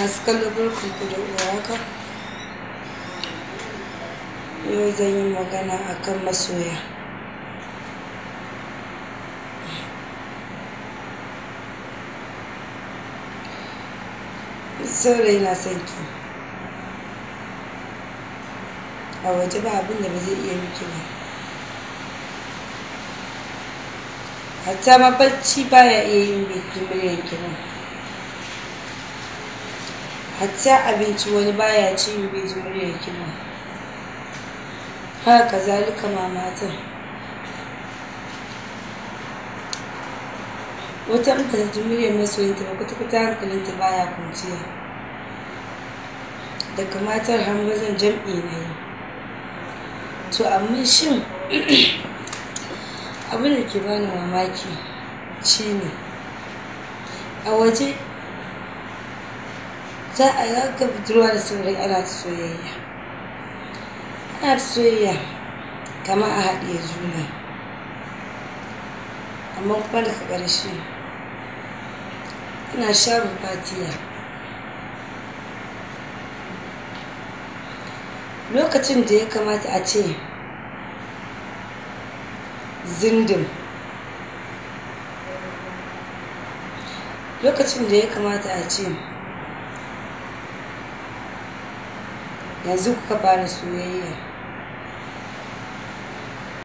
masu kallo barkanku da uwarhaka yau zan yi magana akan masoya saurayi na son ki a waje ba abin da ba zai iya miki ba hatta ma bacci baya iya yin bikin muryar ki hatta abinci wani baya ci bai ji muryar kiba haka zalika mamatan wata in ta ji muryar masoyinta ba kwata-kwata hankalinta baya kwanciya daga matar har mazan jam'i na yi to amma shin abin da ke bani mamaki shine a waje za a yanka budurwa da sauri ana ta soyayya ana ta soyayya kamar a haɗiye juna amma kuma daga ƙarshe ina shafa fatiya lokacin da ya kamata a ce zindin lokacin da ya kamata a ce yanzu kuka fara soyayya